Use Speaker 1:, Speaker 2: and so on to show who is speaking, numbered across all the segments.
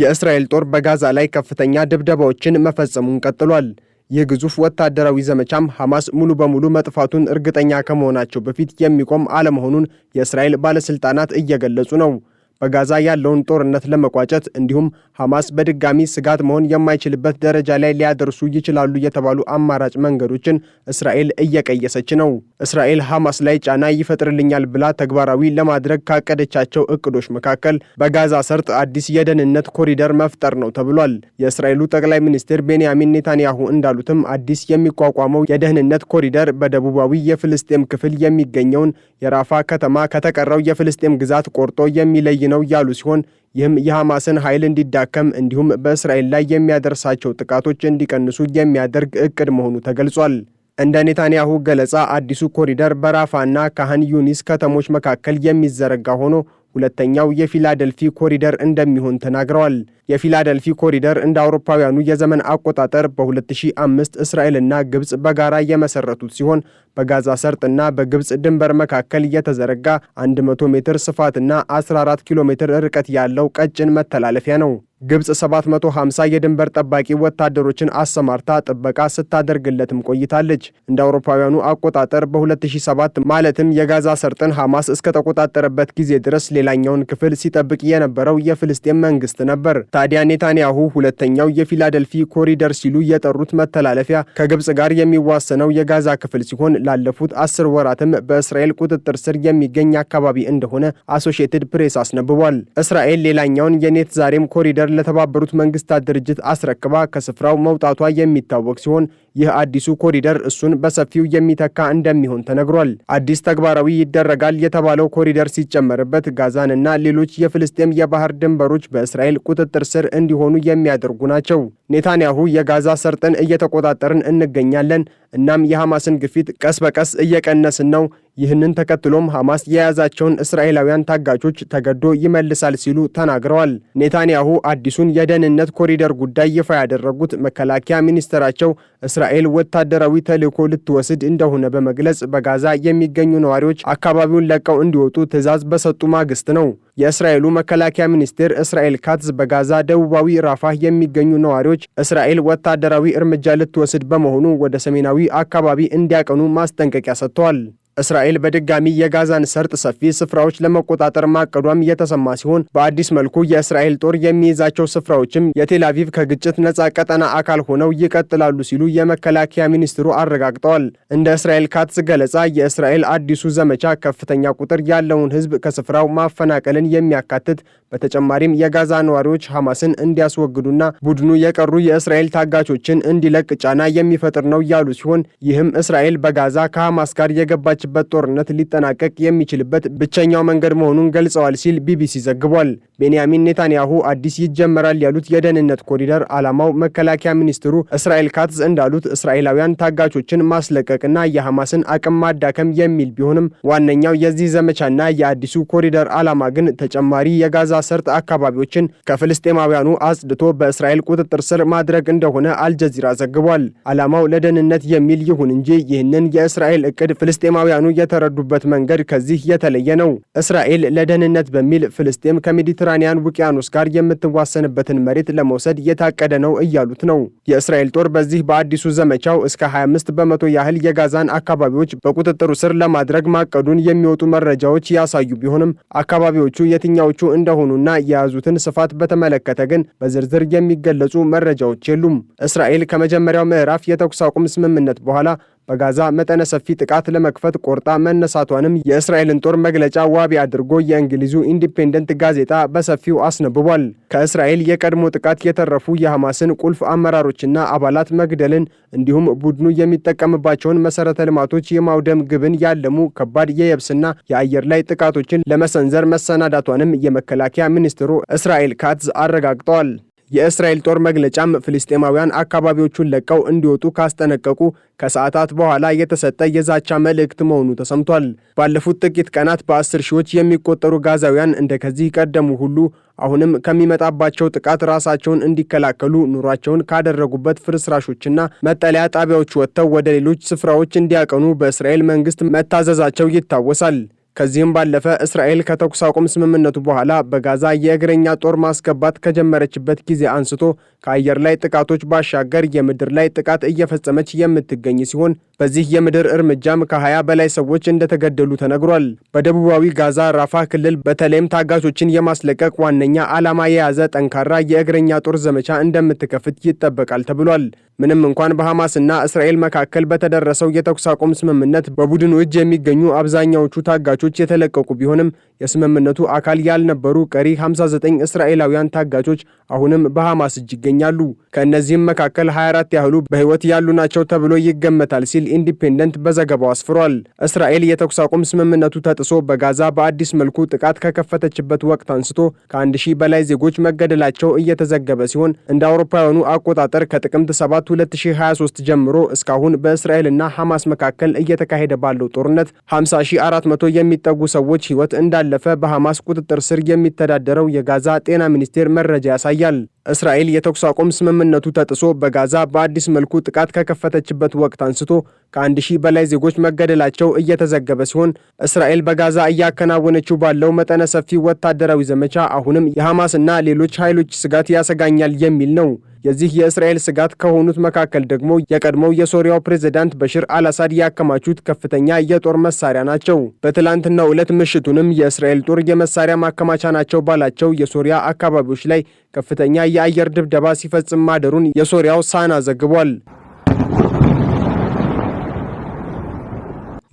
Speaker 1: የእስራኤል ጦር በጋዛ ላይ ከፍተኛ ድብደባዎችን መፈጸሙን ቀጥሏል። የግዙፍ ግዙፍ ወታደራዊ ዘመቻም ሐማስ ሙሉ በሙሉ መጥፋቱን እርግጠኛ ከመሆናቸው በፊት የሚቆም አለመሆኑን የእስራኤል ባለሥልጣናት እየገለጹ ነው። በጋዛ ያለውን ጦርነት ለመቋጨት እንዲሁም ሐማስ በድጋሚ ስጋት መሆን የማይችልበት ደረጃ ላይ ሊያደርሱ ይችላሉ የተባሉ አማራጭ መንገዶችን እስራኤል እየቀየሰች ነው። እስራኤል ሐማስ ላይ ጫና ይፈጥርልኛል ብላ ተግባራዊ ለማድረግ ካቀደቻቸው እቅዶች መካከል በጋዛ ሰርጥ አዲስ የደህንነት ኮሪደር መፍጠር ነው ተብሏል። የእስራኤሉ ጠቅላይ ሚኒስትር ቤንያሚን ኔታንያሁ እንዳሉትም አዲስ የሚቋቋመው የደህንነት ኮሪደር በደቡባዊ የፍልስጤም ክፍል የሚገኘውን የራፋ ከተማ ከተቀረው የፍልስጤም ግዛት ቆርጦ የሚለይ ነው ያሉ ሲሆን ይህም የሐማስን ኃይል እንዲዳከም እንዲሁም በእስራኤል ላይ የሚያደርሳቸው ጥቃቶች እንዲቀንሱ የሚያደርግ እቅድ መሆኑ ተገልጿል። እንደ ኔታንያሁ ገለጻ አዲሱ ኮሪደር በራፋና ካህን ዩኒስ ከተሞች መካከል የሚዘረጋ ሆኖ ሁለተኛው የፊላደልፊ ኮሪደር እንደሚሆን ተናግረዋል። የፊላደልፊ ኮሪደር እንደ አውሮፓውያኑ የዘመን አቆጣጠር በ2005 እስራኤልና ግብፅ በጋራ የመሰረቱት ሲሆን በጋዛ ሰርጥና በግብፅ ድንበር መካከል የተዘረጋ 100 ሜትር ስፋትና 14 ኪሎ ሜትር ርቀት ያለው ቀጭን መተላለፊያ ነው። ግብፅ 750 የድንበር ጠባቂ ወታደሮችን አሰማርታ ጥበቃ ስታደርግለትም ቆይታለች። እንደ አውሮፓውያኑ አቆጣጠር በ2007 ማለትም የጋዛ ሰርጥን ሐማስ እስከተቆጣጠረበት ጊዜ ድረስ ሌላኛውን ክፍል ሲጠብቅ የነበረው የፍልስጤም መንግስት ነበር። ታዲያ ኔታንያሁ ሁለተኛው የፊላደልፊ ኮሪደር ሲሉ የጠሩት መተላለፊያ ከግብፅ ጋር የሚዋሰነው የጋዛ ክፍል ሲሆን ላለፉት አስር ወራትም በእስራኤል ቁጥጥር ስር የሚገኝ አካባቢ እንደሆነ አሶሺየትድ ፕሬስ አስነብቧል። እስራኤል ሌላኛውን የኔት ዛሬም ኮሪደር ለተባበሩት መንግስታት ድርጅት አስረክባ ከስፍራው መውጣቷ የሚታወቅ ሲሆን ይህ አዲሱ ኮሪደር እሱን በሰፊው የሚተካ እንደሚሆን ተነግሯል። አዲስ ተግባራዊ ይደረጋል የተባለው ኮሪደር ሲጨመርበት ጋዛንና ሌሎች የፍልስጤም የባህር ድንበሮች በእስራኤል ቁጥጥር ስር እንዲሆኑ የሚያደርጉ ናቸው። ኔታንያሁ የጋዛ ሰርጥን እየተቆጣጠርን እንገኛለን እናም የሐማስን ግፊት ቀስ በቀስ እየቀነስን ነው ይህንን ተከትሎም ሐማስ የያዛቸውን እስራኤላውያን ታጋቾች ተገዶ ይመልሳል ሲሉ ተናግረዋል። ኔታንያሁ አዲሱን የደህንነት ኮሪደር ጉዳይ ይፋ ያደረጉት መከላከያ ሚኒስትራቸው እስራኤል ወታደራዊ ተልዕኮ ልትወስድ እንደሆነ በመግለጽ በጋዛ የሚገኙ ነዋሪዎች አካባቢውን ለቀው እንዲወጡ ትዕዛዝ በሰጡ ማግስት ነው። የእስራኤሉ መከላከያ ሚኒስቴር እስራኤል ካትዝ በጋዛ ደቡባዊ ራፋህ የሚገኙ ነዋሪዎች እስራኤል ወታደራዊ እርምጃ ልትወስድ በመሆኑ ወደ ሰሜናዊ አካባቢ እንዲያቀኑ ማስጠንቀቂያ ሰጥተዋል። እስራኤል በድጋሚ የጋዛን ሰርጥ ሰፊ ስፍራዎች ለመቆጣጠር ማቀዷም የተሰማ ሲሆን በአዲስ መልኩ የእስራኤል ጦር የሚይዛቸው ስፍራዎችም የቴል አቪቭ ከግጭት ነፃ ቀጠና አካል ሆነው ይቀጥላሉ ሲሉ የመከላከያ ሚኒስትሩ አረጋግጠዋል። እንደ እስራኤል ካትስ ገለጻ የእስራኤል አዲሱ ዘመቻ ከፍተኛ ቁጥር ያለውን ሕዝብ ከስፍራው ማፈናቀልን የሚያካትት በተጨማሪም የጋዛ ነዋሪዎች ሐማስን እንዲያስወግዱና ቡድኑ የቀሩ የእስራኤል ታጋቾችን እንዲለቅ ጫና የሚፈጥር ነው ያሉ ሲሆን ይህም እስራኤል በጋዛ ከሐማስ ጋር የገባች የገባችበት ጦርነት ሊጠናቀቅ የሚችልበት ብቸኛው መንገድ መሆኑን ገልጸዋል ሲል ቢቢሲ ዘግቧል። ቤንያሚን ኔታንያሁ አዲስ ይጀመራል ያሉት የደህንነት ኮሪደር ዓላማው መከላከያ ሚኒስትሩ እስራኤል ካትዝ እንዳሉት እስራኤላውያን ታጋቾችን ማስለቀቅና የሐማስን አቅም ማዳከም የሚል ቢሆንም ዋነኛው የዚህ ዘመቻና የአዲሱ ኮሪደር ዓላማ ግን ተጨማሪ የጋዛ ሰርጥ አካባቢዎችን ከፍልስጤማውያኑ አጽድቶ በእስራኤል ቁጥጥር ስር ማድረግ እንደሆነ አልጀዚራ ዘግቧል። ዓላማው ለደህንነት የሚል ይሁን እንጂ ይህንን የእስራኤል እቅድ ፍልስጤማውያ ምዕራባውያኑ የተረዱበት መንገድ ከዚህ የተለየ ነው። እስራኤል ለደህንነት በሚል ፍልስጤም ከሜዲትራኒያን ውቅያኖስ ጋር የምትዋሰንበትን መሬት ለመውሰድ የታቀደ ነው እያሉት ነው። የእስራኤል ጦር በዚህ በአዲሱ ዘመቻው እስከ 25 በመቶ ያህል የጋዛን አካባቢዎች በቁጥጥሩ ስር ለማድረግ ማቀዱን የሚወጡ መረጃዎች ያሳዩ ቢሆንም አካባቢዎቹ የትኛዎቹ እንደሆኑና የያዙትን ስፋት በተመለከተ ግን በዝርዝር የሚገለጹ መረጃዎች የሉም። እስራኤል ከመጀመሪያው ምዕራፍ የተኩስ አቁም ስምምነት በኋላ በጋዛ መጠነ ሰፊ ጥቃት ለመክፈት ቆርጣ መነሳቷንም የእስራኤልን ጦር መግለጫ ዋቢ አድርጎ የእንግሊዙ ኢንዲፔንደንት ጋዜጣ በሰፊው አስነብቧል። ከእስራኤል የቀድሞ ጥቃት የተረፉ የሐማስን ቁልፍ አመራሮችና አባላት መግደልን እንዲሁም ቡድኑ የሚጠቀምባቸውን መሰረተ ልማቶች የማውደም ግብን ያለሙ ከባድ የየብስና የአየር ላይ ጥቃቶችን ለመሰንዘር መሰናዳቷንም የመከላከያ ሚኒስትሩ እስራኤል ካትዝ አረጋግጠዋል። የእስራኤል ጦር መግለጫም ፍልስጤማውያን አካባቢዎቹን ለቀው እንዲወጡ ካስጠነቀቁ ከሰዓታት በኋላ የተሰጠ የዛቻ መልእክት መሆኑ ተሰምቷል። ባለፉት ጥቂት ቀናት በአስር ሺዎች የሚቆጠሩ ጋዛውያን እንደከዚህ ቀደሙ ሁሉ አሁንም ከሚመጣባቸው ጥቃት ራሳቸውን እንዲከላከሉ ኑሯቸውን ካደረጉበት ፍርስራሾችና መጠለያ ጣቢያዎች ወጥተው ወደ ሌሎች ስፍራዎች እንዲያቀኑ በእስራኤል መንግስት መታዘዛቸው ይታወሳል። ከዚህም ባለፈ እስራኤል ከተኩስ አቁም ስምምነቱ በኋላ በጋዛ የእግረኛ ጦር ማስገባት ከጀመረችበት ጊዜ አንስቶ ከአየር ላይ ጥቃቶች ባሻገር የምድር ላይ ጥቃት እየፈጸመች የምትገኝ ሲሆን በዚህ የምድር እርምጃም ከ20 በላይ ሰዎች እንደተገደሉ ተነግሯል። በደቡባዊ ጋዛ ራፋ ክልል በተለይም ታጋቾችን የማስለቀቅ ዋነኛ ዓላማ የያዘ ጠንካራ የእግረኛ ጦር ዘመቻ እንደምትከፍት ይጠበቃል ተብሏል። ምንም እንኳን በሐማስና እስራኤል መካከል በተደረሰው የተኩስ አቁም ስምምነት በቡድኑ እጅ የሚገኙ አብዛኛዎቹ ታጋቾች ታጋቾች የተለቀቁ ቢሆንም የስምምነቱ አካል ያልነበሩ ቀሪ 59 እስራኤላውያን ታጋቾች አሁንም በሐማስ እጅ ይገኛሉ። ከእነዚህም መካከል 24 ያህሉ በሕይወት ያሉ ናቸው ተብሎ ይገመታል ሲል ኢንዲፔንደንት በዘገባው አስፍሯል። እስራኤል የተኩስ አቁም ስምምነቱ ተጥሶ በጋዛ በአዲስ መልኩ ጥቃት ከከፈተችበት ወቅት አንስቶ ከአንድ ሺህ በላይ ዜጎች መገደላቸው እየተዘገበ ሲሆን እንደ አውሮፓውያኑ አቆጣጠር ከጥቅምት 7 2023 ጀምሮ እስካሁን በእስራኤልና ሐማስ መካከል እየተካሄደ ባለው ጦርነት 50400 የሚ የሚጠጉ ሰዎች ሕይወት እንዳለፈ በሐማስ ቁጥጥር ስር የሚተዳደረው የጋዛ ጤና ሚኒስቴር መረጃ ያሳያል። እስራኤል የተኩስ አቁም ስምምነቱ ተጥሶ በጋዛ በአዲስ መልኩ ጥቃት ከከፈተችበት ወቅት አንስቶ ከአንድ ሺህ በላይ ዜጎች መገደላቸው እየተዘገበ ሲሆን እስራኤል በጋዛ እያከናወነችው ባለው መጠነ ሰፊ ወታደራዊ ዘመቻ አሁንም የሐማስና ሌሎች ኃይሎች ስጋት ያሰጋኛል የሚል ነው። የዚህ የእስራኤል ስጋት ከሆኑት መካከል ደግሞ የቀድሞው የሶሪያው ፕሬዝዳንት በሽር አልአሳድ ያከማቹት ከፍተኛ የጦር መሳሪያ ናቸው። በትላንትናው ዕለት ምሽቱንም የእስራኤል ጦር የመሳሪያ ማከማቻ ናቸው ባላቸው የሶሪያ አካባቢዎች ላይ ከፍተኛ የአየር ድብደባ ሲፈጽም ማደሩን የሶሪያው ሳና ዘግቧል።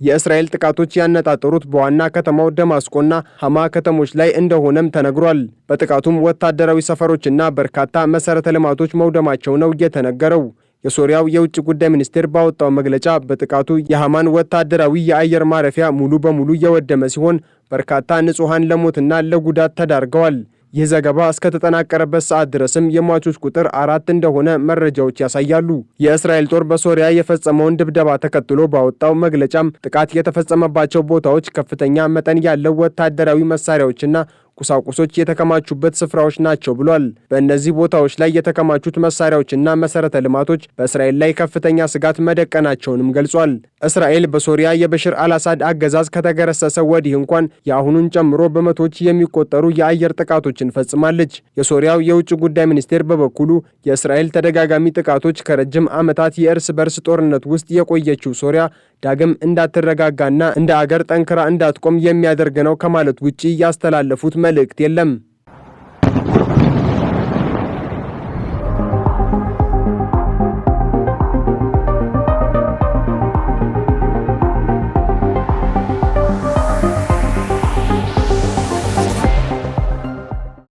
Speaker 1: የእስራኤል ጥቃቶች ያነጣጠሩት በዋና ከተማው ደማስቆና ሐማ ከተሞች ላይ እንደሆነም ተነግሯል። በጥቃቱም ወታደራዊ ሰፈሮችና በርካታ መሠረተ ልማቶች መውደማቸው ነው የተነገረው። የሶሪያው የውጭ ጉዳይ ሚኒስቴር ባወጣው መግለጫ በጥቃቱ የሐማን ወታደራዊ የአየር ማረፊያ ሙሉ በሙሉ የወደመ ሲሆን በርካታ ንጹሐን ለሞትና ለጉዳት ተዳርገዋል። ይህ ዘገባ እስከተጠናቀረበት ሰዓት ድረስም የሟቾች ቁጥር አራት እንደሆነ መረጃዎች ያሳያሉ። የእስራኤል ጦር በሶሪያ የፈጸመውን ድብደባ ተከትሎ ባወጣው መግለጫም ጥቃት የተፈጸመባቸው ቦታዎች ከፍተኛ መጠን ያለው ወታደራዊ መሳሪያዎችና ቁሳቁሶች የተከማቹበት ስፍራዎች ናቸው ብሏል። በእነዚህ ቦታዎች ላይ የተከማቹት መሳሪያዎችና መሰረተ ልማቶች በእስራኤል ላይ ከፍተኛ ስጋት መደቀናቸውንም ገልጿል። እስራኤል በሶሪያ የበሽር አልአሳድ አገዛዝ ከተገረሰሰ ወዲህ እንኳን የአሁኑን ጨምሮ በመቶዎች የሚቆጠሩ የአየር ጥቃቶችን ፈጽማለች። የሶሪያው የውጭ ጉዳይ ሚኒስቴር በበኩሉ የእስራኤል ተደጋጋሚ ጥቃቶች ከረጅም ዓመታት የእርስ በርስ ጦርነት ውስጥ የቆየችው ሶሪያ ዳግም እንዳትረጋጋና እንደ አገር ጠንክራ እንዳትቆም የሚያደርግ ነው ከማለት ውጪ ያስተላለፉት መልእክት የለም።